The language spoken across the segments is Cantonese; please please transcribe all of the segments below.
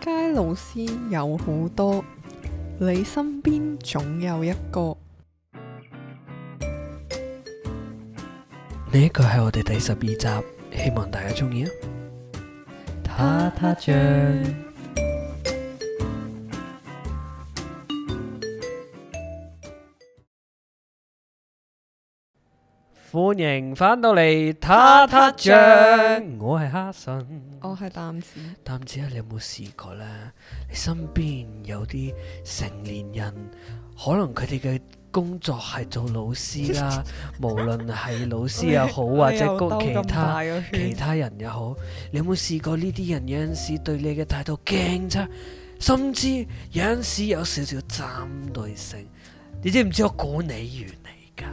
街老師有好多，你身邊總有一個。呢一個係我哋第十二集，希望大家鍾意啊！打打歡迎翻到嚟《他他醬》，我係哈臣，我係淡紫。淡紫啊，你有冇試過咧？你身邊有啲成年人，可能佢哋嘅工作係做老師啦， 無論係老師又好， 或者供其他其他人又好，你有冇試過呢啲人有陣時對你嘅態度驚差，甚至有陣時有少少針對性？你知唔知我講你原嚟噶？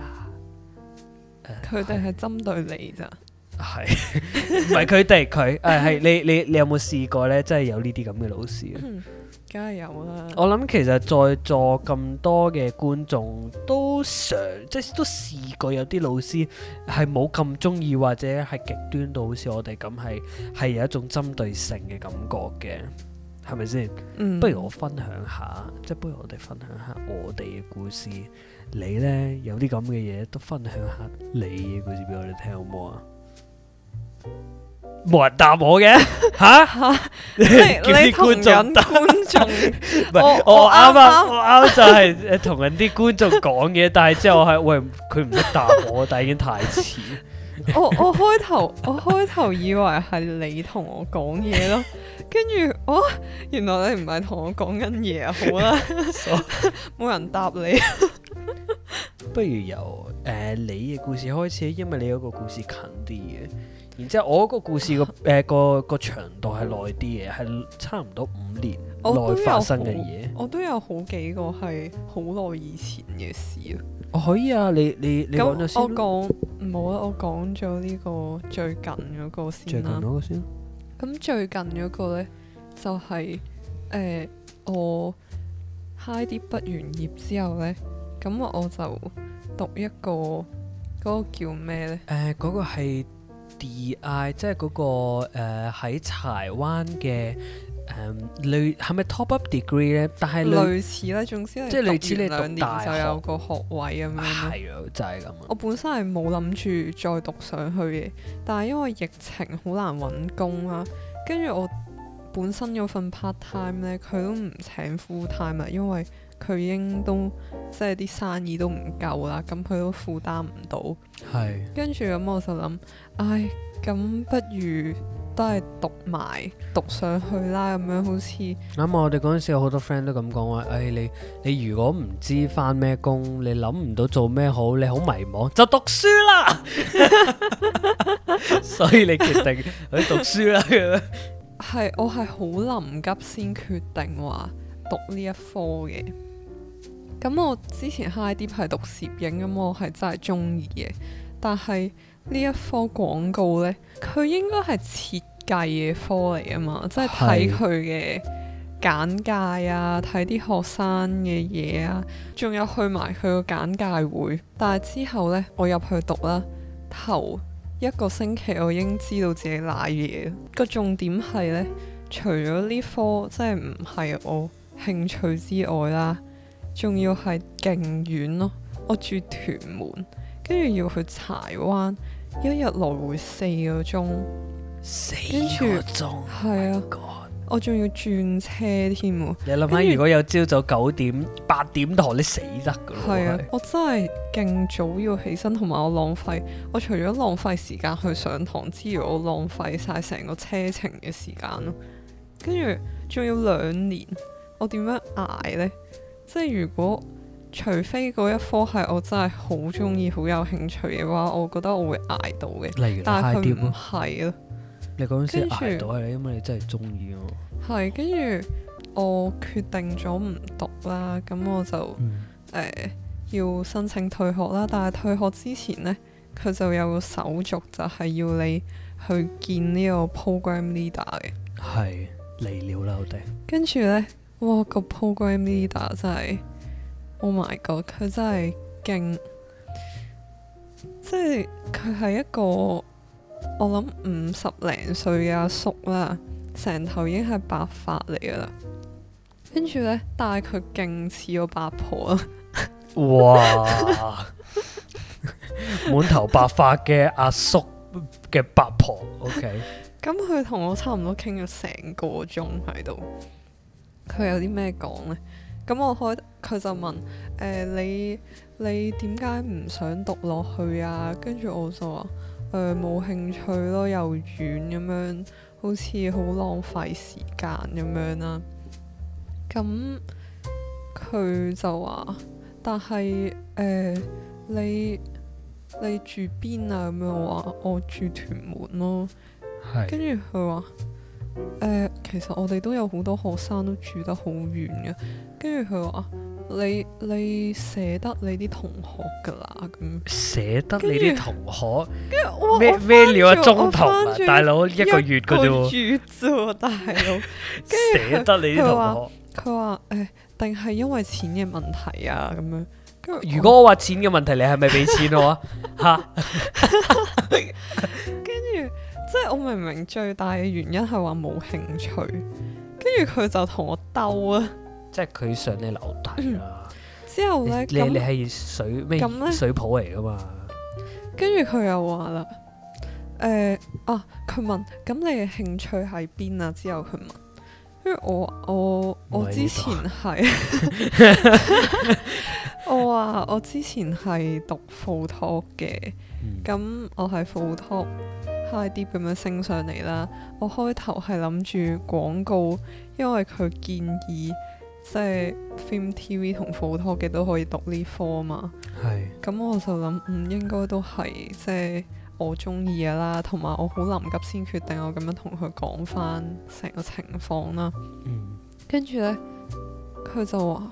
佢哋係針對你咋？係， 唔係佢哋佢，誒係、 哎、你你你有冇試過咧？真係有呢啲咁嘅老師？梗係、嗯、有啦。我諗其實在座咁多嘅觀眾都常即係都試過有啲老師係冇咁鍾意，或者係極端到好似我哋咁係係有一種針對性嘅感覺嘅。係咪先？不如我分享下，即係不如我哋分享下我哋嘅故事。你呢，有啲咁嘅嘢都分享下你嘅故事俾我哋聽好唔好啊？冇人答我嘅，吓？叫啲係你同緊觀眾，唔係我啱啊！我啱就係同人啲觀眾講嘢，但係之後係，喂，佢唔識答我，但係已經太遲。我我開頭我開頭以為係你同我講嘢咯，跟住哦，原來你唔係同我講緊嘢啊，好啦，冇人答你。不如由誒、uh，你嘅故事開始，因為你嗰個故事近啲嘅，然之後我個故事個誒個個長度係耐啲嘅，係差唔多五年內發生嘅嘢。我都，我都有好幾個係好耐以前嘅事。哦、可以啊，你你那你講咗先。咁我講唔好啦，我講咗呢個最近嗰個先最近嗰個先。咁最近嗰個咧，就係、是、誒、呃、我 High Dip 畢完業之後咧，咁我就讀一個嗰、嗰個叫咩咧？誒、呃，嗰、嗰個係 DI，即係嗰個誒喺、呃、柴灣嘅。誒、um, 類係咪 top up degree 咧？但係類，類似啦，總之即係類似讀完兩年你讀大學就有一個學位咁樣，啊就係、樣。係啊，就係咁我本身係冇諗住再讀上去嘅，但係因為疫情好難揾工啦、啊，跟住我本身嗰份 part time 咧，佢、嗯、都唔請 full time 啊，因為佢已經都即係啲生意都唔夠啦，咁佢都負擔唔到。係是。跟住咁我就諗，唉，咁不如。都係讀埋讀上去啦，咁樣好似諗下，我哋嗰陣時有好多 friend 都咁講話，誒、哎，你你如果唔知翻咩工，你諗唔到做咩好，你好迷茫，就讀書啦。 所以你決定去讀書啦咁係 我係好臨急先決定話讀呢一科嘅。咁我之前 high dip 係讀攝影，咁、嗯嗯、我係真係中意嘅。但係呢一科廣告呢，佢應該係切。計嘢科嚟啊嘛，即係睇佢嘅簡介啊，睇啲是學生嘅嘢啊，仲有去埋佢個簡介會。但係之後呢，我入去讀啦，頭一個星期我已經知道自己賴嘢。個重點係呢，除咗呢科即係唔係我興趣之外啦，仲要係勁遠咯。我住屯門，跟住要去柴灣，一日來回四個鐘。四個鐘係啊，oh、我仲要轉車添。你諗下，著如果有朝早九點八點堂，你死得噶。係啊，啊我真係勁早要起身，同埋我浪費，我除咗浪費時間去上堂之餘，我浪費晒成個車程嘅時間咯。跟住仲要兩年，我點樣挨呢？即係如果除非嗰一科係我真係好中意、好有興趣嘅話，我覺得我會挨到嘅。例如，但係點、啊？你嗰陣時捱到係你，因為你真係中意咯。係，跟住我決定咗唔讀啦，咁、哦、我就誒、嗯呃、要申請退學啦。但係退學之前咧，佢就有個手續，就係要你去見呢個 program leader 嘅。係嚟了啦，我哋。跟住咧，哇！個 program leader 真係，oh my god，佢真係勁，嗯、即係佢係一個。我諗五十零歲嘅阿叔啦，成頭已經係白髮嚟噶啦，跟住呢，但係佢勁似個八婆啊！哇，滿 頭白髮嘅阿叔嘅八婆，OK。咁佢同我差唔多傾咗成個鐘喺度，佢有啲咩講呢？咁我開，佢就問：誒、呃，你你點解唔想讀落去啊？跟住我就話。誒冇、呃、興趣咯，又遠咁樣，好似好浪費時間咁樣啦。咁佢就話：，但係誒、呃、你你住邊啊？咁樣話，我住屯門咯。係。跟住佢話：誒、呃，其實我哋都有好多學生都住得好遠嘅。跟住佢話。你你捨得你啲同學噶啦咁，捨得你啲同學，咩咩料啊，中途大佬一個月噶啫喎，大佬，捨得你啲同學，佢話誒、定係、欸、因為錢嘅問題啊咁樣。如果我話錢嘅問題，你係咪俾錢我啊？吓，跟住即係我明明最大嘅原因係話冇興趣，跟住佢就同我鬥啊。即係佢上你樓梯啦。之後咧，你那你係水咩？那水泡嚟噶嘛？跟住佢又話啦，誒、呃、啊，佢問，咁你嘅興趣喺邊啊？之後佢問，跟住我我我之前係，我話我之前係讀副 h o t 嘅，咁、嗯、我係副 h o t high 啲咁樣升上嚟啦。我開頭係諗住廣告，因為佢建議。即係 film TV 同 photo 嘅都可以讀呢科嘛？咁 我就諗，唔、嗯、應該都係，即係我中意嘅啦，同埋我好臨急先決定，我咁樣同佢講翻成個情況啦。嗯、跟住呢，佢就話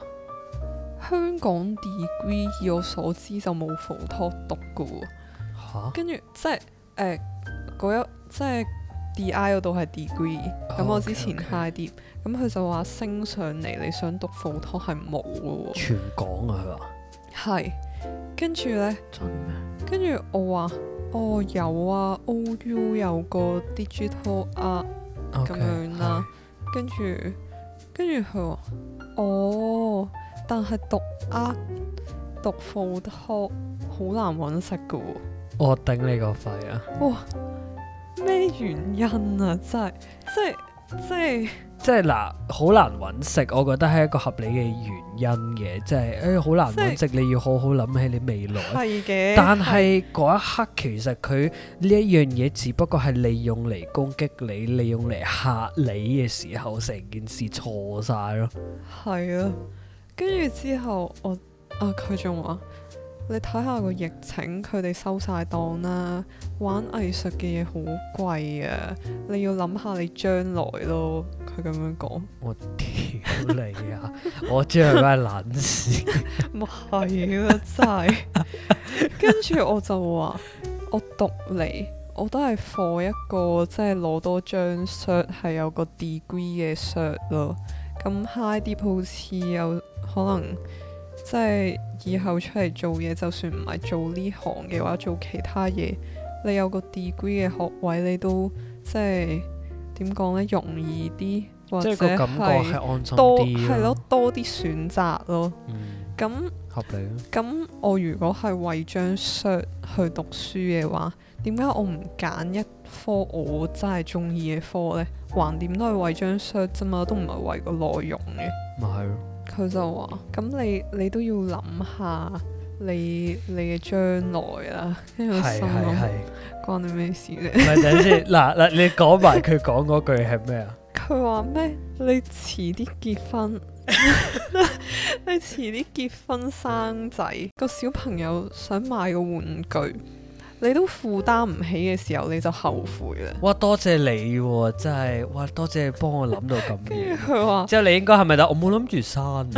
香港 degree 以我所知就冇 photo 讀噶喎。哈跟住即係，嗰、呃、一即係。Di d I 嗰度係 degree，咁我之前 high dip 咁佢就話升上嚟你想讀副托係冇咯喎。全港、哦、啊，係嘛？係，跟住咧，跟住我話，哦有啊，O U 有個 digital art 咁 Okay, 樣啦、啊是，跟住跟住佢話，哦，但係讀 art，讀副托好難揾食噶喎。我頂你個肺啊！哇咩原因啊？真係，真即係，即係，即係嗱，好難揾食，我覺得係一個合理嘅原因嘅，欸、即係，誒，好難揾食，你要好好諗起你未來。係嘅。但係嗰一刻，其實佢呢一樣嘢，只不過係利用嚟攻擊你，利用嚟吓你嘅時候，成件事錯晒咯。係啊，跟住之後我啊，佢仲話。你睇下個疫情，佢哋收晒檔啦。玩藝術嘅嘢好貴啊，你要諗下你將來咯。佢咁樣講。我屌你啊！ 我將來咩撚屎。唔係啊，真係。 跟住我就話：我讀嚟，我都係 for 一個，即係攞多張 cert，係有個 degree 嘅 cert 咯。咁 high dip 好似有可能、啊？即係以後出嚟做嘢，就算唔係做呢行嘅話，做其他嘢，你有個 degree 嘅學位，你都即係點講呢？容易啲或者係多、啊、多、多咯，多啲選擇咯。咁合理咯。咁我如果係為張 shirt 去讀書嘅話，點解我唔揀一科我真係中意嘅科呢？橫掂都係為張 shirt 啫嘛，都唔係為個內容嘅。係、就是佢就話：咁你你都要諗下你你嘅將來啦。跟住心諗，關你咩事，唔係，等先，嗱嗱，你講埋佢講嗰句係咩啊？佢話咩？你遲啲結婚， 你遲啲結婚生仔，個小朋友想買個玩具。你都負擔唔起嘅時候，你就後悔啦，哦。哇！多謝你，真係哇！多謝你幫我諗到咁。跟住佢話，之 後你應該係咪？我冇諗住生。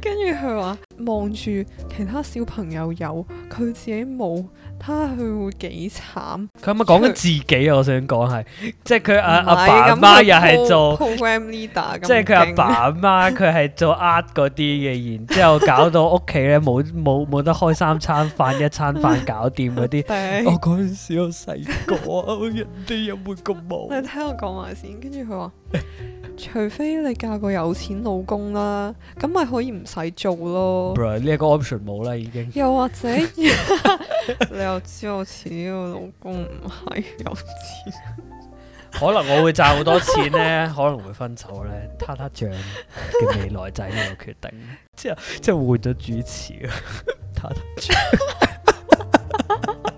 跟住佢話，望住其他小朋友有，佢自己冇。睇下佢會幾慘？佢係咪講緊自己啊？因為 我想講係，即係佢阿阿爸阿媽又係做即係佢阿爸阿媽佢係做厄嗰啲嘅， 然之後搞到屋企咧冇冇冇得開三餐飯 一餐飯搞掂嗰啲。 是我嗰陣時我細個， 人哋有冇咁忙？你聽我講話先，跟住佢話。 除非你嫁個有錢老公啦，啊，咁咪可以唔使做咯。呢一、嗯這個 option 冇啦，已經。又或者， 你又知我似，這個老公唔係有錢。可能我會賺好多錢咧， 可能會分手咧，撻撻醬嘅未來仔呢個決定。之後， 即係換咗主持，撻撻醬。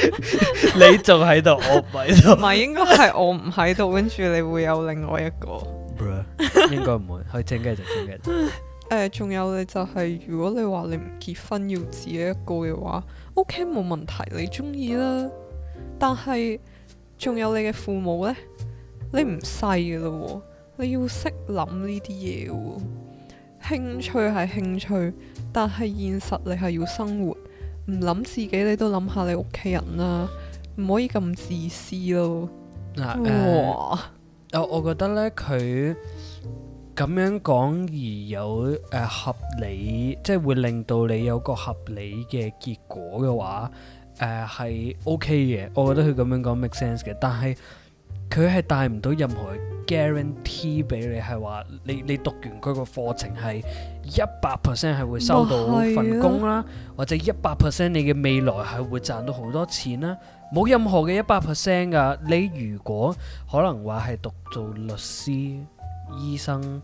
你仲喺度， 我唔喺度，唔係 應該係我唔喺度，跟住 你會有另外一個，h, 應該唔會，去 整嘅就整嘅。仲、呃、有你就係、是，如果你話你唔結婚要自己一個嘅話，OK 冇問題，你中意啦。但係仲有你嘅父母呢，你唔細嘅啦喎，你要識諗呢啲嘢喎。興趣係興趣，但係現實你係要生活。唔諗自己，你都諗下你屋企人啦，啊，唔可以咁自私咯。嗱，呃，我哇、呃、我覺得咧，佢咁樣講而有誒、呃、合理，即係會令到你有個合理嘅結果嘅話，誒、呃、係 OK 嘅。我覺得佢咁樣講 make sense 嘅，但係。佢係帶唔到任何 guarantee 俾你，係話你你讀完佢個課程係一百 percent 係會收到份工啦，唔係啊、或者一百 percent 你嘅未來係會賺到好多錢啦，冇任何嘅一百 percent 噶。你如果可能話係讀做律師、醫生。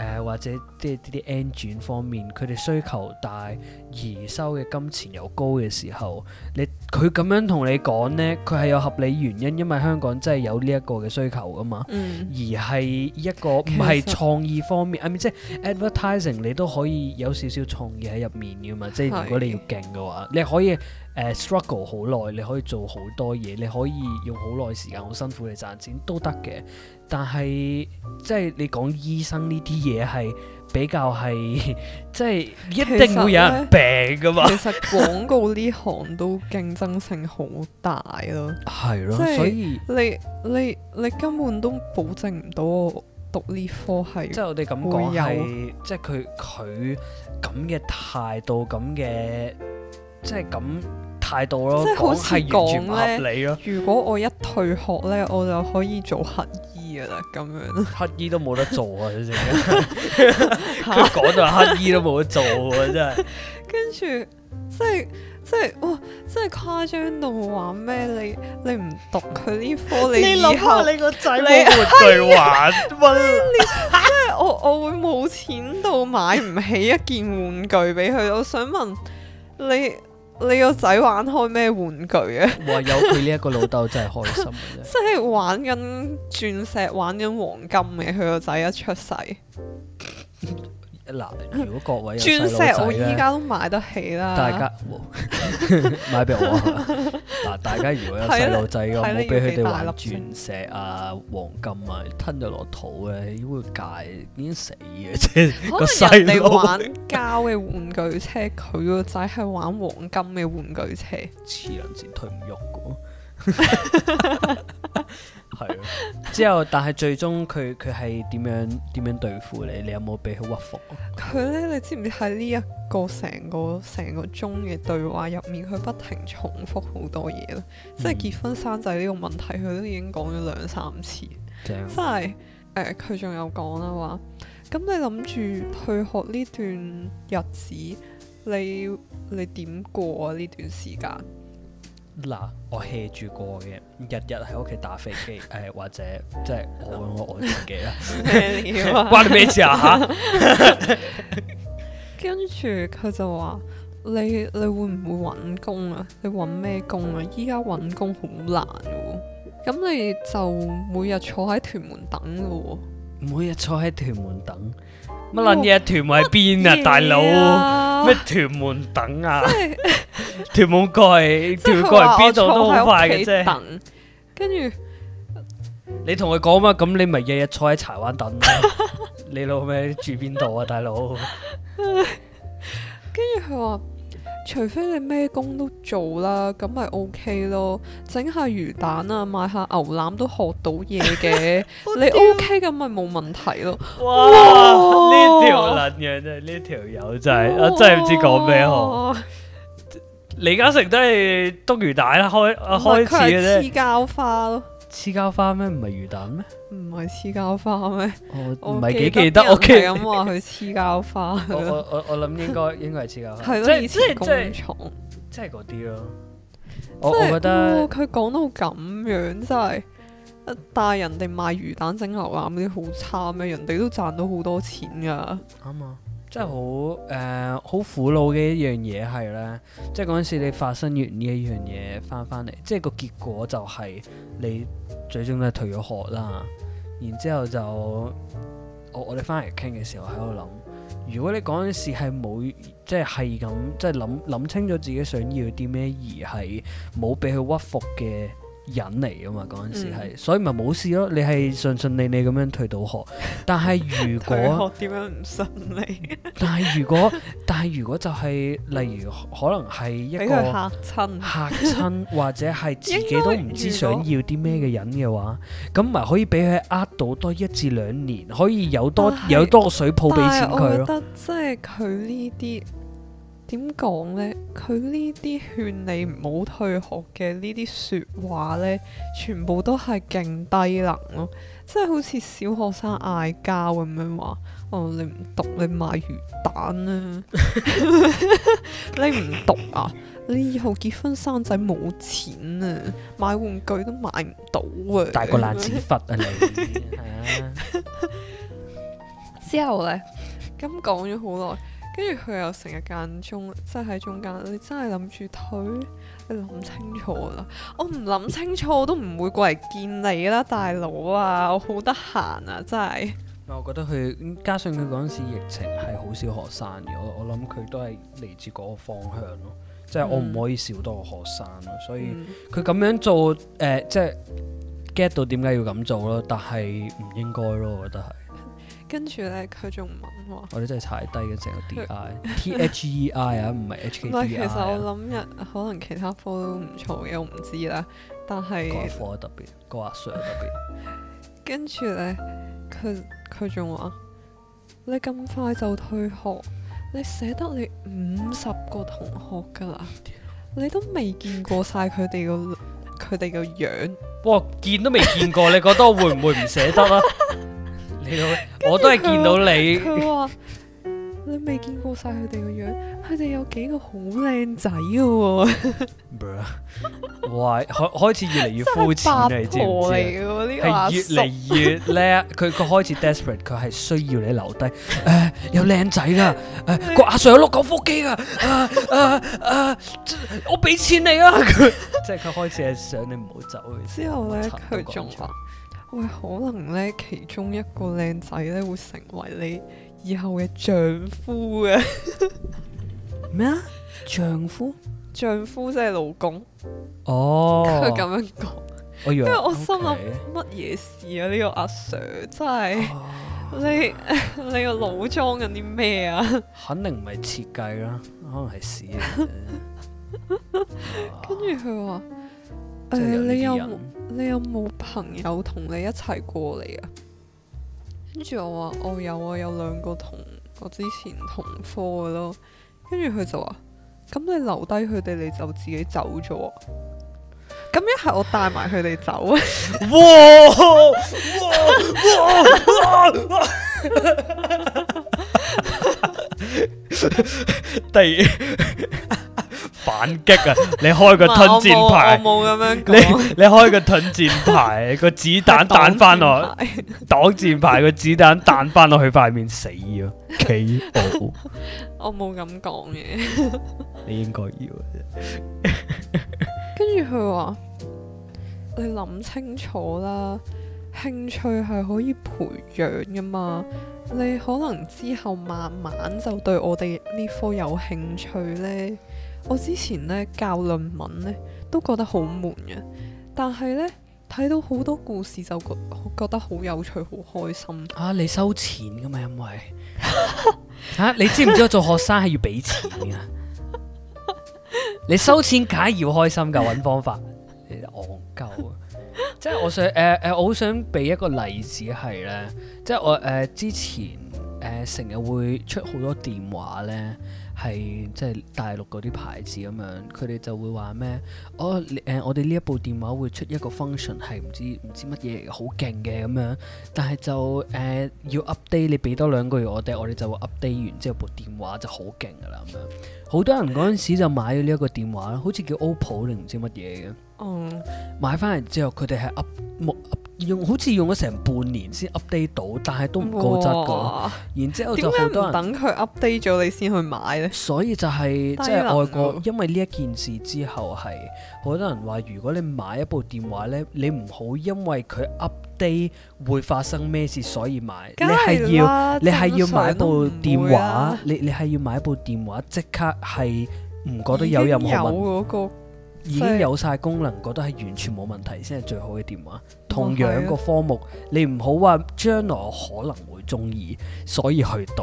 誒、呃、或者即係啲啲 engine 方面，佢哋需求大而收嘅金錢又高嘅時候，你佢咁樣同你講呢，佢係、嗯、有合理原因，因為香港真係有呢、嗯、一個嘅需求㗎嘛。而係一個唔係創意方面實 I mean, 即係 advertising，嗯、你都可以有少少創意喺入面噶嘛。嗯、即係如果你要勁嘅話，你可以誒、uh, struggle 好耐，你可以做好多嘢，你可以用好耐時間、好辛苦嚟賺錢都得嘅。但係，即係你講醫生呢啲嘢係比較係，即係一定會有人病噶嘛。其實廣 告呢行都競爭性好大咯。係咯了，所以你你你根本都保證唔到我讀呢科係有。即係我哋咁講係，即係佢佢咁嘅態度，咁嘅即係咁態度咯。即係好似講咧，如果我一退學咧，我就可以做乞衣。咁樣，乞衣都冇得做啊！佢講到乞衣都冇得做啊！真係， 跟住，即係，即係，哇，真係誇張到話咩？你你唔讀佢呢科，你你諗下你，你個仔都冇玩具玩，即係 我我會冇錢到買唔起一件玩具俾佢。我想問你。你個仔玩開咩玩具啊？哇，有佢呢一個老豆 真係開心嘅啫，即係 玩緊鑽石，玩緊黃金嘅，佢個仔一出世。 嗱，如果各位有細路仔咧，鑽石我依家都買得起啦。大家 買俾我玩。嗱， 大家如果有細路仔嘅，唔好俾佢哋玩鑽石啊、 黃金啊，吞咗落肚咧，會戒，已經死嘅。啫。 可能人哋玩膠嘅玩具車，佢個仔係玩黃金嘅玩具車，黐撚線，推唔喐嘅。係 之後，但係最終佢佢係點樣點樣對付你？你有冇俾佢屈服？佢呢，你知唔知喺呢一個成個成個鐘嘅對話入面，佢不停重複好多嘢咧。嗯、即係結婚生仔呢個問題，佢都已經講咗兩三次。正，即係佢仲有講啦，話咁你諗住退學呢段日子，你你點過啊呢段時間？嗱，我 hea 住過嘅，日日喺屋企打飛機，誒 或者即係我愛我愛自己啦，關你咩事啊吓？ 跟住佢就話：你你會唔會搵工啊？你搵咩工啊？依家搵工好難嘅、啊，咁你就每日坐喺屯門等咯、啊。每日坐喺屯門等乜捻嘢？哇屯門喺邊啊，啊大佬哥？啊咩屯門等啊？真是 屯門過去，是屯過去邊度都好快嘅啫。跟住你同佢講嘛，咁你咪日日坐喺柴灣等、啊、 你老味住邊度啊，大佬？跟住佢話。除非你咩工都做啦，咁咪 OK 咯，整下魚蛋啊，賣下牛腩都學到嘢嘅， 你 OK 咁咪冇問題咯。哇！呢條撚樣真係，呢條友真係，我真係唔知講咩好。李嘉誠都係督魚蛋開啊開始嘅啫，黐膠是花，花咯，黐膠花咩唔係魚蛋咩？唔係黐膠花咩？我唔係幾記得，我記咁話佢黐膠花我。我我我諗應該應該係黐膠花。係咯，以前工廠，即係即係，嗰啲咯。我我覺得佢講、哦、到咁樣，真係，但係人哋賣魚蛋、蒸牛腩咁啲好差咩？人哋都賺到好多錢噶，啱啊！真係好誒，好、呃、苦惱嘅一樣嘢係咧，即係嗰陣時你發生完呢一樣嘢翻翻嚟，即係個結果就係你最終都係退咗學啦。然之後就我我哋翻嚟傾嘅時候喺度諗，如果你嗰陣時係冇即係係咁即係諗諗清楚自己想要啲咩，而係冇俾佢屈服嘅。人嚟㗎嘛，嗰陣時係，所以咪冇事咯。你係順順利利咁樣退到學，但係如果點樣唔順利？但係如果但係如果就係、是、例如可能係一個嚇親 嚇親，或者係自己都唔知想要啲咩嘅人嘅話，咁咪可以俾佢呃到多一至兩年，可以有多是有多水泡俾錢佢咯。即係佢呢啲。點講呢？佢呢啲勸你唔好退學嘅呢啲說話呢，全部都係勁低能咯，即係好似小學生嗌交咁樣話：哦，你唔讀，你賣魚蛋啊！ 你唔讀啊！你以後結婚生仔冇錢啊，買玩具都買唔到啊！大個爛屎忽啊你！ 啊 之後呢，咁講咗好耐。跟住佢又成日間中，即係喺中間。你真係諗住退？你諗清楚啦！我唔諗清楚，我都唔會過嚟見你啦，大佬啊！我好得閒啊，真係。我覺得佢加上佢嗰陣時疫情係好少學生嘅，我我諗佢都係嚟自嗰個方向咯。即係我唔可以少多個學生咯，所以佢咁樣做，誒，即係 get 到點解要咁做咯。但係唔應該咯，我覺得係。跟住咧，佢仲問我：我哋、哦、真係踩低嘅成個 D I T H E I 啊，唔係 H K、D 啊、其實我諗日可能其他科都唔錯，又唔知啦。但係改課特別，個阿 Sir 特別。 跟住咧，佢佢仲話：你咁快就退學，你捨得你五十個同學噶啦？你都未見過晒佢哋個佢哋個樣。哇！見都未見過， 你覺得會唔會唔捨得啊？ 我都係見到你。佢話你未見過晒佢哋個樣，佢哋有幾個好靚仔噶。喂、啊，開、uh, 開始越嚟越膚淺啊！你知唔知啊？係越嚟越叻。佢佢開始 desperate，佢係需要你留低。誒、 啊，有靚仔噶。誒、啊，個阿 Sir 有六嚿腹肌噶。我俾錢你啊！ 即係佢開始係想你唔好走。之後咧，佢仲喂，可能咧其中一個靚仔咧會成為你以後嘅丈夫嘅咩啊？丈夫， 丈夫即係老公哦。佢咁、oh, 樣講說，我 'm 因為我心諗乜嘢事啊？呢、這個阿 Sir 真係、oh, 你 你個腦裝緊啲咩啊？ 肯定唔係設計啦，可能係屎。 跟住佢話。有哎、你有你有冇朋友同你一齊過嚟啊？跟住我話，我、哦、有啊，有兩個同我之前同科嘅咯。跟住佢就話，咁你留低佢哋，你就自己走咗。咁一係我帶埋佢哋走 哇。哇！哇反擊啊！你開個盾箭牌。 我冇咁樣講 你你開個盾箭牌，個子彈彈翻我擋箭 牌，個子彈彈翻落去塊面死啊。企步 我冇咁講嘢，你應該要嘅。跟住佢話，你諗清楚啦，興趣係可以培養噶嘛，你可能之後慢慢就對我哋呢科有興趣呢。我之前咧教論文咧，都覺得好悶嘅，但係咧睇到好多故事就覺得覺得好有趣，好開心。啊！你收錢噶嘛？因為吓、 啊、你知唔知道做學生係要俾錢噶？ 你收錢梗要開心噶，搵方法，你戇鳩。即係我想誒誒、呃呃，我好想俾一個例子係咧，即係我誒、呃、之前誒成、呃、日會出好多電話咧。係即係大陸嗰啲牌子咁樣，佢哋就會話咩、哦呃？我誒我哋呢一部電話會出一個 function 係唔知唔知乜嘢好勁嘅咁樣，但係就誒、呃、要 update，你俾多兩個月我哋，我哋就會 update 完之後部電話就好勁噶啦咁樣。好多人嗰陣時就買咗呢一個電話，好似叫 OPPO 定唔知乜嘢嘅。嗯，買翻嚟之後佢哋係 update 用好似用咗成半年先 update 到，但係都唔高質㗎。哇然之後就好多人等佢 update 咗你先去買咧。所以就係、是、能即係外國，因為呢一件事之後係好多人話，如果你買一部電話咧，你唔好因為佢 update 會發生咩事，所以買。你係要正常 你係要買部電話，啊、你你係要買部電話即刻係唔覺得有任何問題。已經有晒、那個、功能，以覺得係完全冇問題先係最好嘅電話。同樣個科目，你唔好話將來可能會中意，所以去讀，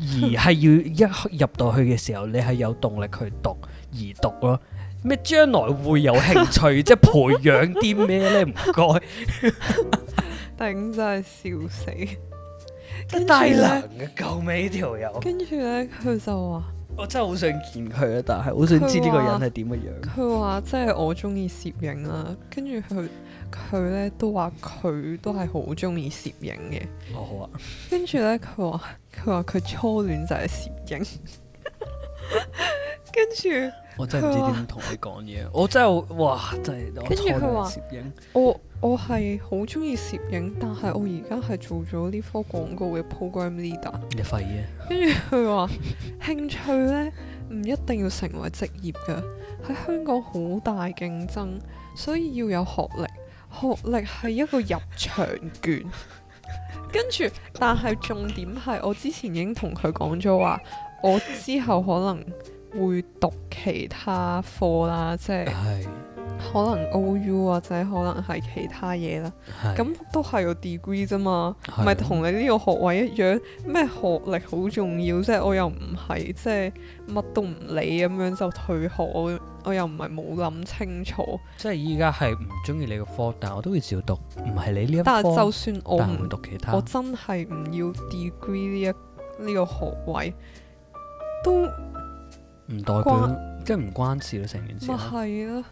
而係要一入到去嘅時候，你係有動力去讀而讀咯。咩將來會有興趣？即係培養啲咩咧？唔該，頂，真係笑死，真係大能嘅，夠尾條友。跟住咧，佢就話：我真係好想見佢啊！但係好想知呢個人係點嘅樣。佢話：即係我中意攝影啊。跟住佢。佢咧都話佢都係好中意攝影嘅，哦好啊，跟住咧佢話佢話佢初戀就係攝影， 跟住著我真係唔知點同佢講嘢，我真係哇真係，跟住佢話攝影，我我係好中意攝影，但係我而家係做咗呢科廣告嘅 program leader，你廢啊，跟住佢話興趣咧唔一定要成為職業㗎，喺香港好大競爭，所以要有學歷。學歷係一個入場券， 跟住，但係重點係我之前已經同佢講咗話，我之後可能會讀其他科啦，即係。可能 OU 或者可能係其他嘢啦。咁是都係個 degree 啫嘛，咪同的你呢個學位一樣咩？學歷好重要，即係我又唔係，即係乜都唔理咁樣就退學。我我又唔係冇諗清楚。即係依家係唔中意你個科，但係我都會照讀，唔係你呢？但係就算我唔讀其他，我，我真係唔要 degree 呢一呢、這個學位都唔代表乖即係唔關事咯、啊，成件事咯。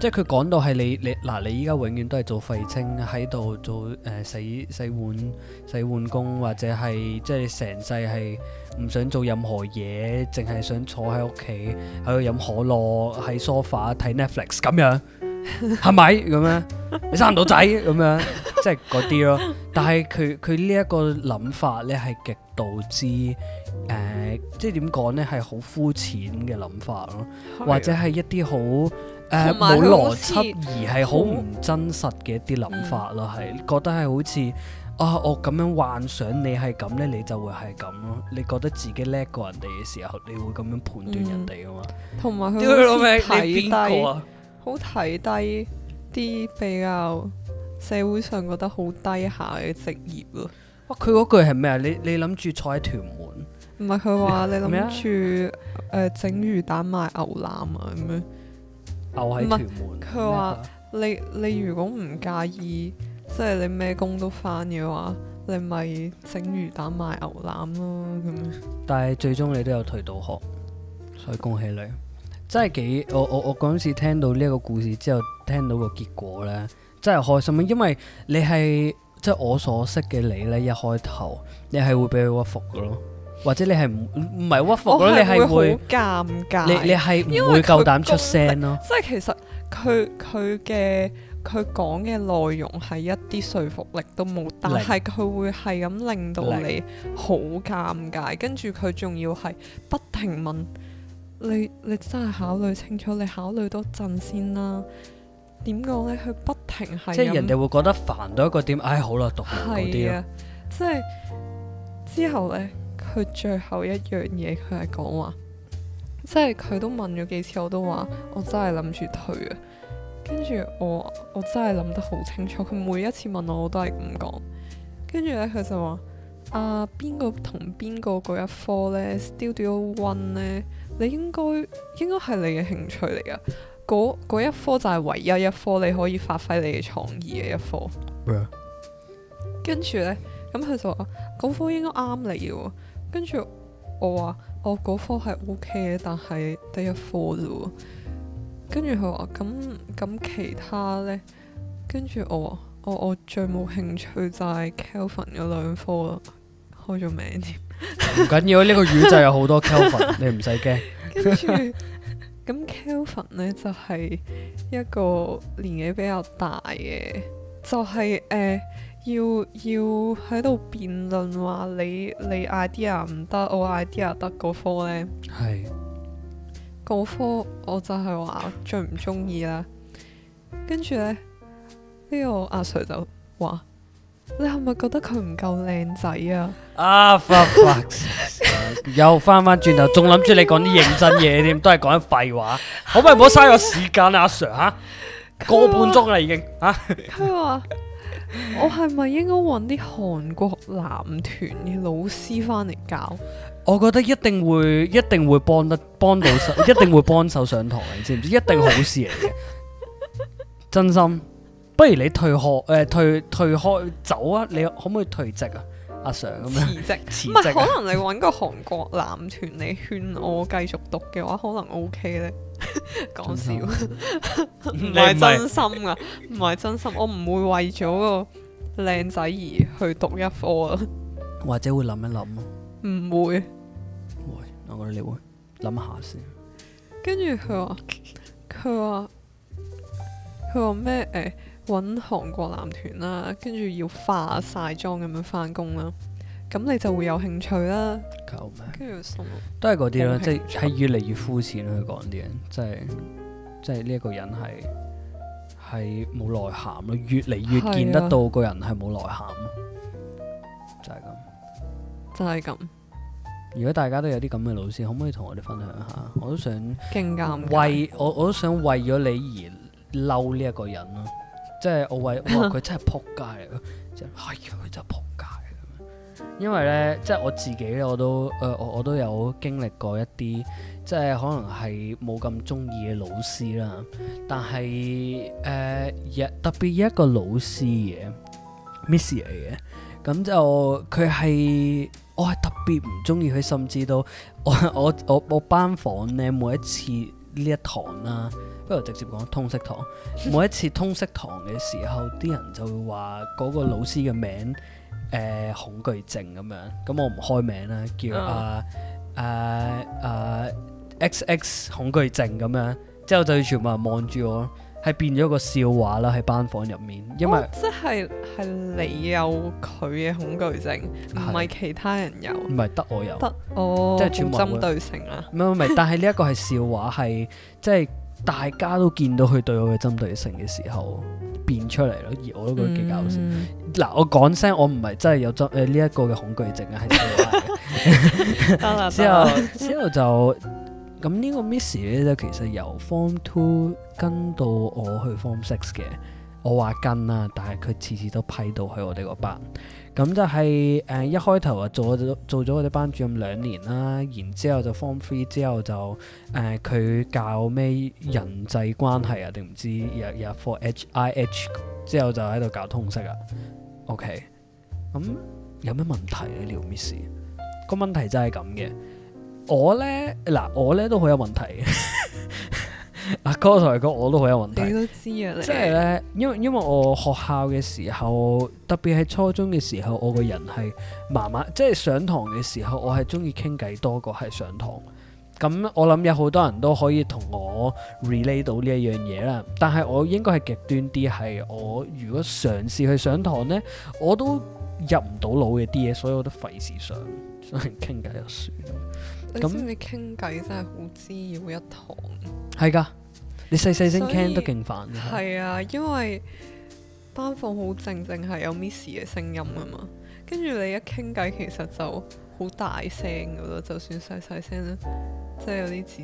即係佢講到係你你，嗱，你依家永遠都係做廢青喺度做誒、呃、洗洗碗洗碗工或者係即係成世係唔想做任何嘢，淨係想坐喺屋企喺度飲可樂喺 sofa 睇 Netflix 咁樣係咪咁樣？你生唔到仔咁樣，即係嗰啲咯。但係佢佢呢一個諗法咧係極度之誒、呃，即係點講咧係好膚淺嘅諗法咯， 或者係一啲好。誒，冇邏輯而係好唔真實嘅一啲諗法咯，係、嗯、覺得係好似啊，我咁樣幻想你係咁呢，你就會係咁咯。你覺得自己叻過人哋嘅時候你、嗯，你會咁樣判斷人哋噶嘛？同埋佢好似睇低，好睇低啲比較社會上覺得好低下嘅職業咯。佢嗰句係咩啊？你你諗住坐喺屯門？唔係佢話你諗住誒整魚蛋賣牛腩啊咁樣。唔係，佢話、嗯、你你如果唔介意，嗯、即係你咩工都返嘅話，你咪整魚蛋賣牛腩咯咁。但係最終你都有退到學，所以恭喜你，真係幾我我我嗰陣時聽到呢一個故事之後，聽到個結果咧，真係開心啊！因為你係即係我所識嘅你咧，一開頭你係會俾佢屈服嘅咯。或者你係唔唔係屈服咯？你係會好尷尬。你你係唔會夠膽出聲咯。即係其實佢佢嘅佢講嘅內容係一啲說服力都冇，但係佢會係咁令到你好尷尬。嗯、跟住佢仲要係不停問你，你真係考慮清楚，你考慮多陣先啦。點講咧？佢不停係即係人哋會覺得煩到一個點。哎，好啦，讀嗰啲啊，即係之後咧。佢最後一樣嘢，佢係講話，即係佢都問咗幾次，我都話我真係諗住退啊。跟住我，我真係諗得好清楚。佢每一次問我，我都係咁講。跟住呢，佢就話：啊，邊個同邊個嗰一科呢 Studio One 呢？你應該應該係你嘅興趣嚟噶。嗰一科就係唯一一科你可以發揮你嘅創意嘅一科。跟住 Yeah. 呢，咁佢就話嗰科應該啱你嘅。跟住我話我嗰科係 O K 嘅，但係得一科啫。跟住佢話，咁咁其他咧？跟住我我我最冇興趣就係 Kelvin 嗰兩科咯，開咗名添。唔緊要，呢個魚就有好多 Kelvin，你唔使驚。跟住咁 Kelvin 咧就係一個年紀比較大嘅，就係、是、誒。呃要要喺度辯論，話你你 idea 唔得，我 idea 得嗰科呢？係嗰科我就係話最唔中意啦。跟住呢，呢、呢個阿 sir 就話你係咪覺得佢唔夠靚仔啊？啊又翻翻轉頭，仲諗住你講啲認真嘢添， 都係講啲廢話， 可唔可以唔好嘥我時間、啊、阿 sir 吓、啊，個半鐘啦已經吓。啊佢話 我係咪應該揾啲韓國男團嘅老師翻嚟教？我覺得一定會，一定會幫得幫到手， 一定會幫手上堂。你知唔知？一定好事嚟嘅， 真心。不如你退學誒、呃，退退開走啊！你可唔可以退職啊，阿 Sir 咁樣？辭職，辭職，唔係可能你揾個韓國男團，你勸我繼續讀嘅話，可能 OK 呢。講笑，唔係 真心噶，唔係不真心， 我唔會為咗個靚仔而去讀一科啊，或者會諗一諗唔、啊、 會，我覺得你會諗下先，跟住佢話，佢話， 佢話咩揾搵韓國男團啦、啊，跟住要化晒妝咁樣返工啦。咁你就會有興趣啦。夠咩？都係嗰啲啦，即係越嚟越膚淺啦。佢講啲嘢，即係即係呢一個人係係冇內涵咯，越嚟越見得到個人係冇內涵咯。啊，就係咁，就係咁。如果大家都有啲咁嘅老師，可唔可以同我哋分享下？我都想勁啱，為我我都想為咗你而嬲呢一個人咯。即係我為佢真係撲街嚟真係係啊佢就撲。因為咧，即係我自己咧，我都誒，我、呃、我都有經歷過一啲，即係可能係冇咁中意嘅老師啦。但係誒，呃、特別一個老師嘅 miss 嚟嘅，咁就佢係我係特別唔中意佢，甚至到我我我我班房咧，每一次呢一堂啦，不如直接講通識堂，每一次通識堂嘅時候，啲人就會話嗰個老師嘅名。誒、呃、恐懼症咁樣，咁我唔開名啦，叫啊誒誒 XX 恐懼症咁樣，之後就全部人望住我，係變咗個笑話啦喺班房入面，因為、哦、即係係你有佢嘅恐懼症，唔係、嗯、其他人有，唔係得我有，得、哦、即我即係全部針對性啦。唔係唔係，但係呢一個係笑話，係 即係大家都見到佢對我嘅針對性嘅時候，變出嚟咯，而我都覺得幾搞笑。嗱、嗯，我講聲，我唔係真係有作誒呢一個嘅恐懼症啊，係笑話 之後之後就咁呢個 miss 咧，就其實由 form two 跟到我去 form six 嘅，我話跟啦，但係佢次次都批到去我哋個班。咁就係、是、誒、呃、一開頭啊，做咗做咗我哋班主任兩年啦，然之後就 form three 之後就誒佢、呃、教咩人際關係啊定唔知日日有有 r H I H 之後就喺度教通識啊。OK，咁、嗯、有咩問題啊？你話 miss 個問題就係咁嘅。我咧嗱，我咧都好有問題。 阿哥同你講，我都好有問題。你都知啊，即係咧，因為因為我學校嘅時候，特別係初中嘅時候，我個人係麻麻，即係上堂嘅時候，我係中意傾偈多過係上堂。咁我諗有好多人都可以同我 relate 到呢一樣嘢啦。但係我應該係極端啲，係我如果嘗試去上堂呢，我都入唔到腦嘅啲嘢，所以我都費事上，所以傾偈就算。咁你知唔知傾偈真係好滋擾一堂？係噶， 你細細聲聽都勁煩。係以是啊，因為班房好靜，淨係有 miss 嘅聲音啊嘛。嗯、跟住你一傾偈，其實就好大聲噶咯，就算細細聲啦，即係有啲似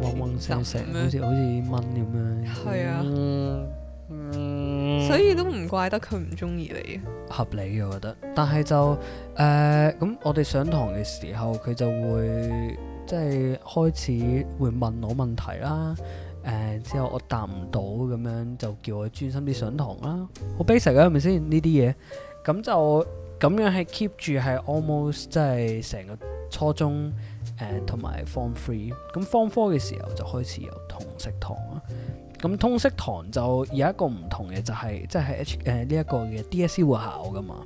嗡嗡聲聲，好似好似蚊咁樣。係、嗯嗯、啊。嗯、所以都唔怪得佢唔中意你，合理嘅我覺得。但係就誒，咁、呃、我哋上堂嘅時候，佢就會即係開始會問我問題啦，誒、呃、之後我答唔到咁樣，就叫我專心啲上堂啦，好 basic 啊，係咪先呢啲嘢？咁就咁樣係 keep 住係 almost 即係成個初中誒，同、呃、埋 form three，咁 form four 嘅時候就開始有同食堂啦。咁通識堂就有一個唔同嘅，就係，就係即係 H 誒呢一個嘅 DSE 會考㗎嘛。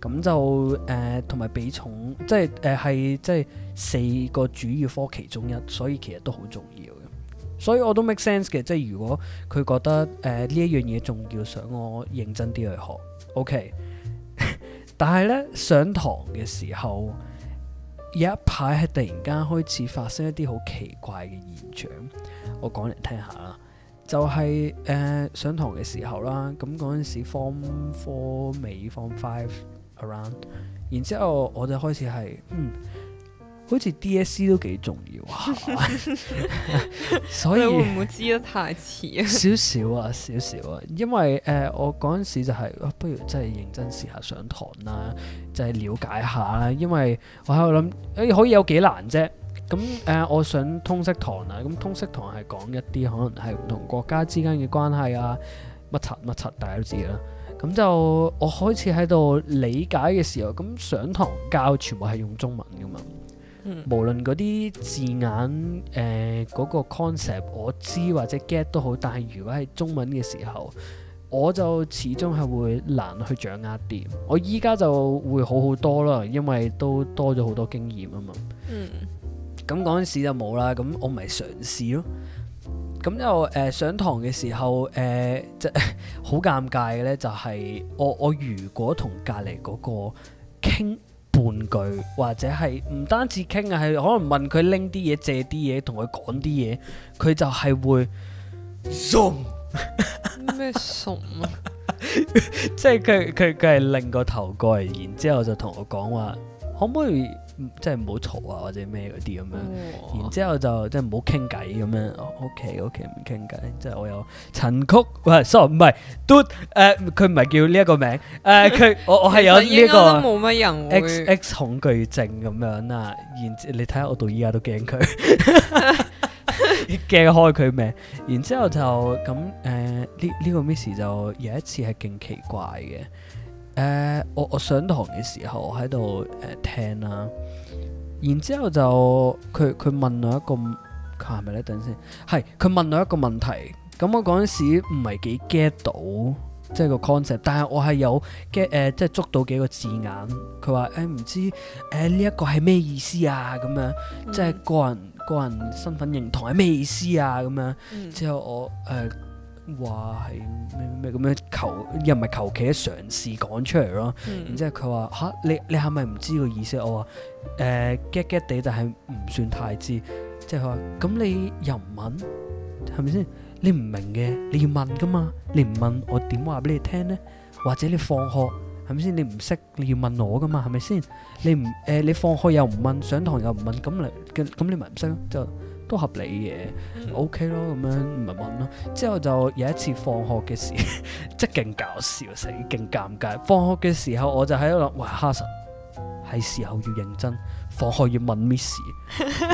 咁、嗯、就誒同埋比重，即係誒係即係四個主要科其中一，所以其實都好重要嘅。所以我都 make sense 嘅，即係如果佢覺得誒呢一樣嘢仲要想我認真啲去學，OK 但。但係咧上堂嘅時候，有一排係突然間開始發生一啲好奇怪嘅現象，我講嚟聽下啦。就係、是、誒、呃、上堂嘅時候啦，咁嗰陣時 form four 未 form five around，然之後我就開始係嗯，好似 DSE 都幾重要啊， 所以會唔會知得太遲啊？少少啊，少少啊，因為誒、呃、我嗰陣時就係、是、不如真係認真試下上堂啦，就係、是、了解下啦，因為我喺度諗誒可以有幾難啫。咁誒、嗯呃，我上通識堂啦。咁通識堂係講一啲可能係唔同國家之間嘅關係啊，乜柒乜柒，大家都知啦、啊。咁就我開始喺度理解嘅時候，咁上堂教全部係用中文㗎嘛，嗯、無論嗰啲字眼誒嗰、呃嗰個 concept，我知或者 get 都好，但係如果係中文嘅時候，我就始終係會難去掌握啲。我依家就會好好多啦，因為都多咗好多經驗啊嘛。嗯。咁嗰陣時就冇啦，咁我咪係嘗試咯。咁就誒上堂嘅時候，誒即好尷尬嘅咧，就係我我如果同隔離嗰個傾半句，或者係唔單止傾啊，係可能問佢拎啲嘢借啲嘢，同佢講啲嘢，佢就係會 zoom 咩 zoom 啊！即係佢佢佢係擰個頭過嚟，然之後，後就同我講話，可唔可以？即係唔好嘈啊，或者咩嗰啲咁樣，然之後， 後就即係唔好傾偈咁樣，屋企屋企唔傾偈。即係我有陳曲，唔係，sorry 唔係，都誒佢唔係叫呢一個名誒，佢我我係有呢個都冇乜人 X X 恐懼症咁樣啦。然之你睇下我到依家都驚佢，驚開佢咩？然之後就咁誒，呢呢個 miss 就有一次係勁奇怪嘅。誒、呃，我我上堂嘅時候喺度誒聽啦、啊。然之後就佢佢問我一個，嚇係咪咧？等先，係佢問我一個問題。咁我嗰陣時唔係幾 get 到，即係個 concept。但係我係有 get 誒，即係捉到幾個字眼。佢話誒唔知誒呢一個係咩意思啊？咁樣即係個人、嗯、個人身份認同係咩意思啊？咁樣之後我誒。呃話係咩咩咁樣，求又唔係求其一，嘗試講出嚟咯，然之後佢話嚇，你你係咪唔知個意思？我話誒夾夾地，但係唔算太知。即係佢話咁你又唔問係咪先？你唔明嘅你要問噶嘛？你唔問我點話俾你聽呢？或者你放學係咪先？你唔識你要問我噶嘛？係咪先？你唔誒、呃、你放學又唔問，上堂又唔問，咁你咁你咪唔識咯？就都合理嘅，嗯，OK 咯了，咁樣咪問咯。之後就有一次放學嘅時，即係勁搞笑，成勁尷尬。放學嘅時候，我就喺度諗，喂！哈臣，係時候要認真，放學要問 Miss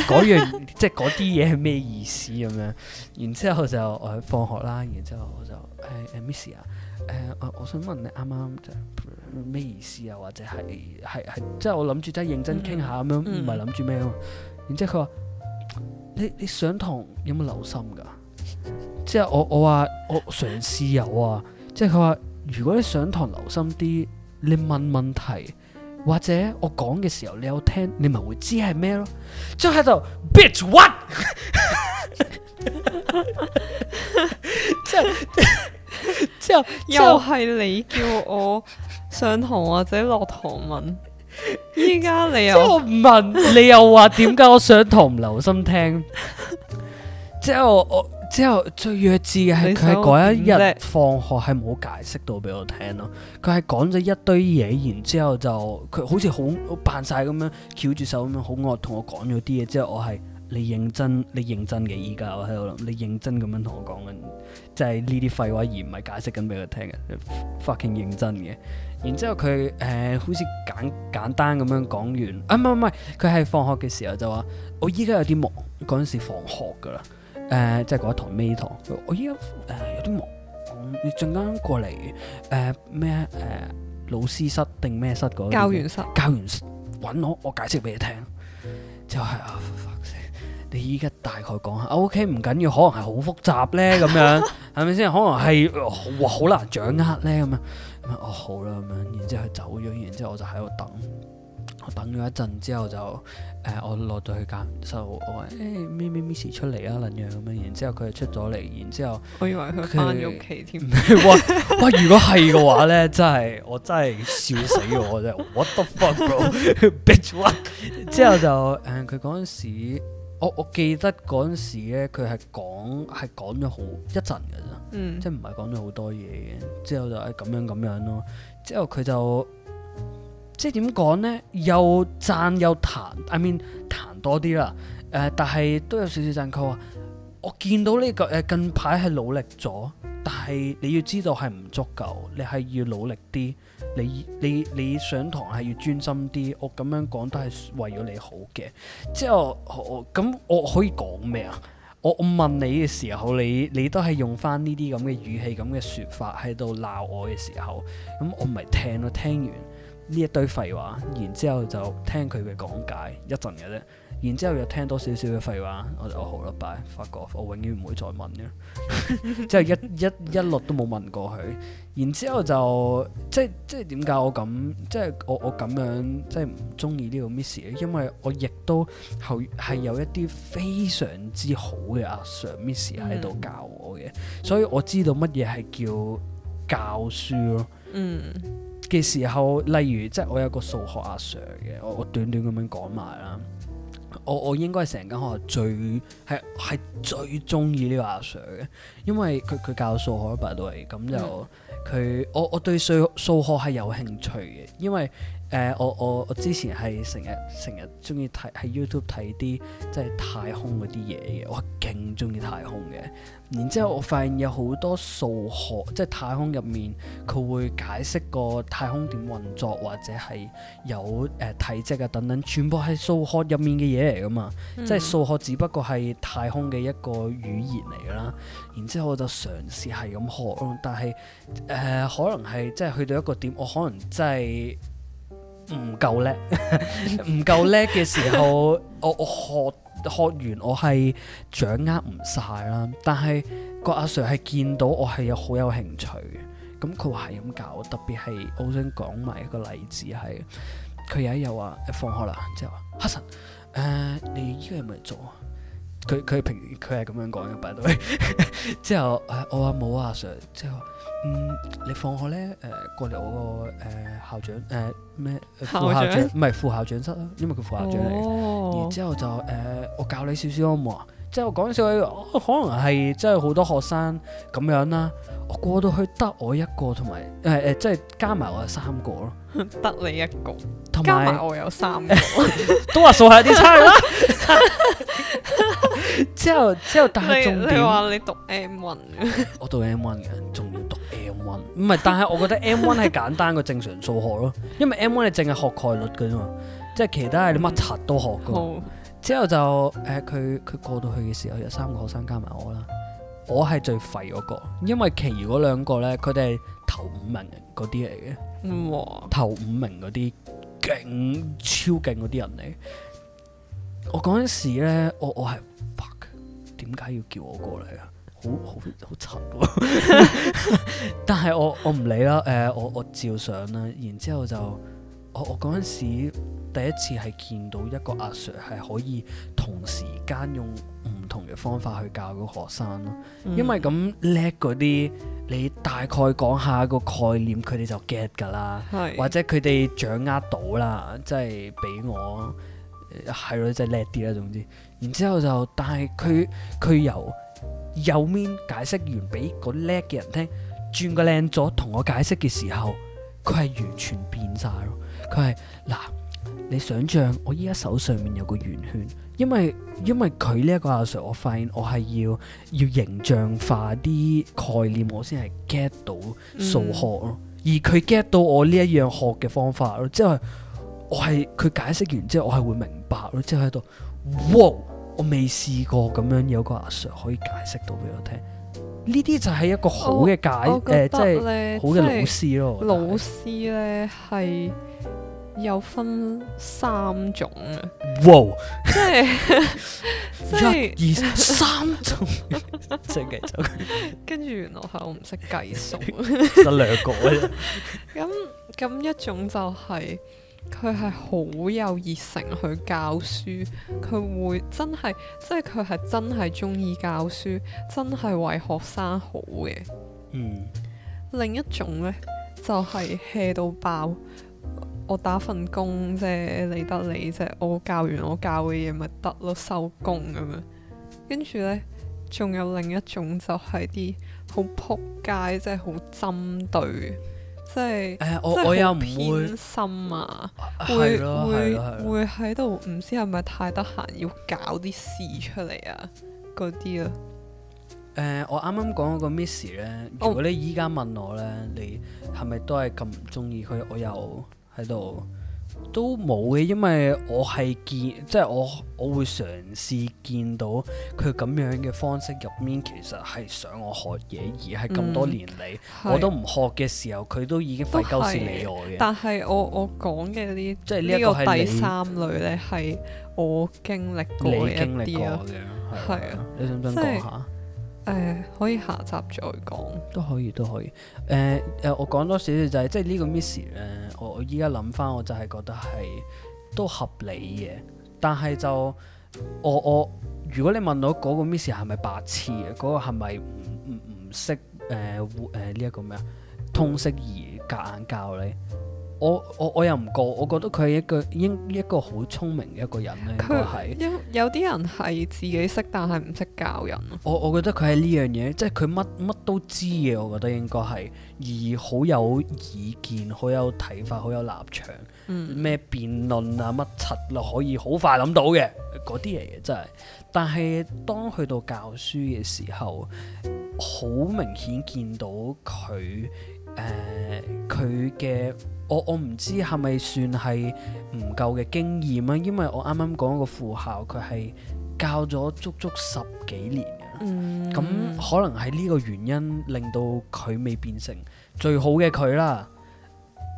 嗰樣，即係嗰啲嘢係咩意思咁樣？然之後就我放學啦，然之後我就誒誒，Miss 啊，誒、呃呃 呃，我想問你啱啱咩意思啊？或者係係係，即係我諗住真係認真傾下咁樣，唔係諗住咩啊？ 然之後佢話。你你上堂有冇留心噶？即係我我話我嘗試有啊。即係佢話如果你上堂留心啲，你問問題或者我講嘅時候你有聽，你咪會知係咩咯。即喺度，bitch what？之後 之後又係你叫我上堂或者落堂問。依家 你又即係我唔問，你又話點解我上堂唔留心聽？即係 我我即我最弱智嘅係佢係嗰一日放學係冇解釋到俾我聽咯，佢係講咗一堆嘢，然之後就佢好似好扮晒咁樣翹住手咁樣好惡同我講咗啲嘢，即係我係。你認真，你認真嘅依家我喺度諗，你認真咁樣同我講緊，就係呢啲廢話，而唔係解釋緊俾佢聽嘅。Fucking 認真嘅。然之後佢誒、呃，好似簡簡單咁樣講完。啊，唔係唔係，佢係放學嘅時候就話我依家有啲忙。嗰陣時放學噶啦，誒、呃，即係嗰一堂尾堂。我依家誒有啲忙，嗯、你陣間過嚟誒咩誒老師室定咩室嗰？教員室。那個、教員室揾我，我解釋俾你聽。就係、是、啊。你依家大概講下，OK，唔緊要，可能係好複雜咧咁樣，係咪先？可能係好、呃、難掌握咧咁樣，咁樣。哦，好啦咁樣，然之後佢走咗，然之後我就喺度等。我等咗一陣之後就誒、呃，我落咗去間，就我話誒咩咩咩事出嚟啊林陽咁樣，然之後佢就出咗嚟，然之後我以為佢翻屋企添。哇哇！如果係嘅話咧，真係我真係笑死我真係。 What the fuck bro? 之 後就誒，佢嗰陣時我我記得嗰陣時咧，佢係講係講咗好一陣嘅啫，嗯、即係唔係講咗好多嘢嘅。之後就係咁樣咁樣咯。之後佢就即係點講咧？又讚又彈，I mean 彈多啲啦。誒、呃，但係都有少少讚佢話，我見到呢、呢個誒近排係努力咗。但係你要知道係唔足夠，你係要努力啲，你你你上堂係要專心啲。我咁樣講都係為咗你好嘅。之後我我咁我可以講咩啊？我我問你嘅時候，你你都係用翻呢啲咁嘅語氣、咁嘅說法喺度鬧我嘅時候，咁我咪聽咯，聽完呢一堆廢話，然之後就聽佢嘅講解一陣嘅啫。然之後又聽多少少嘅廢話，我就好啦，拜！發覺我永遠唔會再問嘅， 即係一一一律都冇問過佢。然之後就即即係點解我咁即係我我咁樣即係唔中意呢個 Miss 咧？因為我亦都後係有一啲非常之好嘅阿 Sir Miss 喺度教我嘅，所以我知道乜嘢係叫教書咯。嗯嘅時候，例如即係我有個數學阿 Sir 嘅，我我短短咁樣講埋啦。我我應該係成間學校最係係最中意呢個阿 Sir 嘅，因為佢佢教數學啊嘛都係咁就佢我我對數數學係有興趣嘅，因為。誒、呃，我我我之前係成日成日中意睇喺 YouTube 睇啲即係太空嗰啲嘢嘅，我勁中意太空嘅。然之後我發現有好多數學，即係太空入面佢會解釋個太空點運作，或者係有誒、呃、體積啊等等，全部係數學入面嘅嘢嚟噶嘛。嗯、即係數學只不過係太空嘅一個語言嚟噶啦。然之後我就嘗試係咁學但係誒、呃、可能係即係去到一個點，我可能真係。唔夠叻，唔夠叻嘅時候， 我我學學完我係掌握唔晒啦。但係個阿 sir 係見到我係有好有興趣，咁佢話係咁教。特別係我好想講埋一個例子係，佢有一日話一放學啦，之後哈臣誒、呃、你依家有冇做啊？佢佢平佢係咁樣講嘅，唔係， 之後我話冇啊，阿 sir，之後。嗯，你放學咧，誒、呃、過嚟我個誒、呃、校長誒咩、呃、副校長唔係長副校長室啊，因為佢副校長嚟。然、哦哦哦、之後就誒、呃、我教你少少好唔好啊嘛，即係我講笑，可能係即係好多學生咁樣啦。我過到去得我一個，同埋誒誒即係加埋我有三個咯，得、嗯、有你一個，同埋我有三個，還有 都話數係有啲差啦。 之後之後但係仲，你話你讀 M one， 我讀 M one 嘅仲要讀。 唔係，但係我覺得 M1 係簡單過正常數學咯， 因為 M1 你淨係學概率嘅啫嘛，即係其他係你乜柒都學過。嗯、之後就誒，佢、呃、佢過到去嘅時候有三個學生加埋我啦，我係最廢嗰、那個，因為其餘嗰兩個咧，佢哋係頭五名嗰啲嚟嘅，嗯、頭五名嗰啲勁超勁嗰啲人嚟。我嗰陣時咧，我我係 fuck 點解要叫我過嚟啊？好好好，柒 但係我我唔理啦，誒、呃、我我照相啦。然之後就我我嗰陣時第一次係見到一個阿 Sir 係可以同時間用唔同嘅方法去教個學生咯。嗯、因為咁叻嗰啲，你大概講下個概念，佢哋就 get 㗎啦，是 或者佢哋掌握到啦，即係俾我係咯，即係叻啲啦。總之，然之後就但係佢佢由。右面解釋完俾個叻嘅人聽，轉個靚咗同我解釋嘅時候，佢係完全變晒咯。佢係嗱，你想象我依家手上面有個圓圈，因為因為佢呢一個阿 Sir，我發現我係要要形象化啲概念，我先係 get 到數學咯。嗯、而佢 get 到我呢一樣學嘅方法咯，即係我係佢解釋完之後，我係會明白咯，即係喺度，哇！我未試過咁樣有個阿 Sir 可以解釋到俾我聽，呢啲就係一個好嘅解，誒，即係、呃、好嘅老師咯。老師咧係有分三種嘅。哇！即係即係三種，即 係種 跟住原來係我唔識計數，得 兩個啫。咁咁 一種就係、是。佢係好有熱誠去教書，佢會真係，即係佢係真係中意教書，真係為學生好嘅。嗯，另一種呢，就係 hea 到爆，我打份工啫，你得理得你啫，我教完我教嘅嘢咪得咯，收工咁樣。跟住呢，仲有另一種就係啲好仆街，即係好針對。即係、呃，我係好偏心啊！會會的會喺度，唔知係咪太得閒要搞啲事出嚟啊？嗰啲啊，誒、呃，我啱啱講嗰個 Miss 咧，如果你依家問我咧，oh. 你係咪都係咁唔中意佢？我又喺度。都冇嘅，因為我係見，即係我，我會嘗試見到佢咁樣嘅方式入面，其實係想我學嘢，而係咁多年嚟、嗯、我都唔學嘅時候，佢都已經廢鳩事理我嘅。但係我我講嘅呢，嗯、即係呢一個係第三類咧，係我經歷過嘅一啲咯，你經歷過嘅、係啊、嗯的，你想唔想講下？誒可以下集再講，都可以都可以。誒、呃、誒、呃，我講多少少就係、係，即係呢個 miss 我我依家諗翻，我，我就係覺得係都合理嘅。但係就我我，如果你問到嗰個 miss 係咪白痴啊？嗰、嗰個係咪唔唔唔識誒誒呢一個咩啊？通識而夾硬教你。我我我又唔覺，我覺得佢係一個應一個好聰明嘅一個人咧，他應該係。有啲人係自己識，但係唔識教人。我我覺得佢喺呢樣嘢，即係佢乜乜都知嘅，我覺得應該係，而好有意見、好有睇法、好有立場，咩、嗯、辯論啊、乜柒咯，可以好快諗到嘅嗰啲嚟嘅真係。但係當去到教書嘅時候，好明顯見到佢誒佢嘅。呃我我唔知係咪算係唔夠嘅經驗啊，因為我啱啱講個副校佢係教咗足足十幾年嘅，啊、咁、嗯、可能係呢個原因令到佢未變成最好嘅佢啦，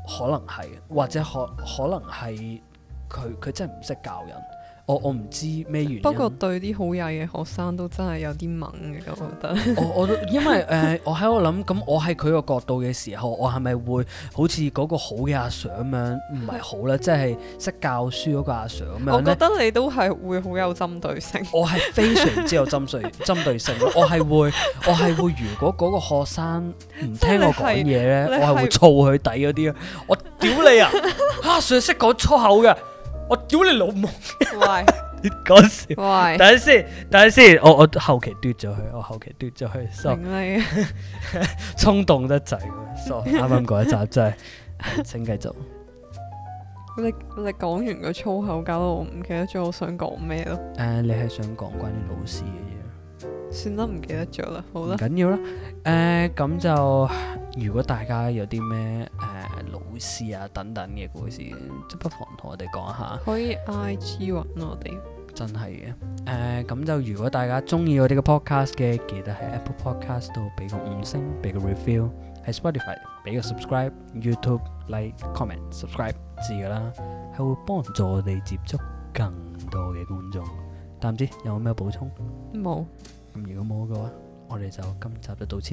可能係或者可可能係佢佢真係唔識教人。我我唔知咩原因。不過對啲好曳嘅學生都真係有啲猛嘅，我覺得。 我我都因為誒、呃，我喺度諗咁，我喺佢個角度嘅時候，我係咪會好似嗰個好嘅阿 sir 咁樣？唔係是好咧，嗯、即係識教書嗰個阿 sir 咁樣咧。我覺得你都係會好有針對性。 我係非常之有針對針對性。 我係會，我係會。如果嗰個學生唔聽我講嘢咧，我係會燥佢底嗰啲。 我屌你啊！阿 sir 識講粗口嘅？我屌你老母 玩笑 喂！Why？你講笑？Why？等下先，等下先，我我後期嘟咗佢，我後期嘟咗佢，sorry 衝動得滯，sorry 啱啱嗰一集真係，請繼續。你你講完個粗口，搞到我唔記得咗我想講咩咯。誒，你係想講關於老師嘅嘢？算啦，唔記得咗啦，好啦。緊要啦，誒咁就如果大家有啲咩誒老師啊等等嘅故事，就不妨同我哋講下。可以 I G 揾我哋。真係嘅，誒咁就如果大家中意我哋嘅 podcast 嘅，記得喺 Apple Podcast 度俾個五星，俾個 review；喺 Spotify 俾個 subscribe，YouTube like comment subscribe，知噶啦，係會幫助我哋接觸更多嘅觀眾。但唔知有冇咩補充？冇。如果冇嘅話，我哋就今集就到此為止。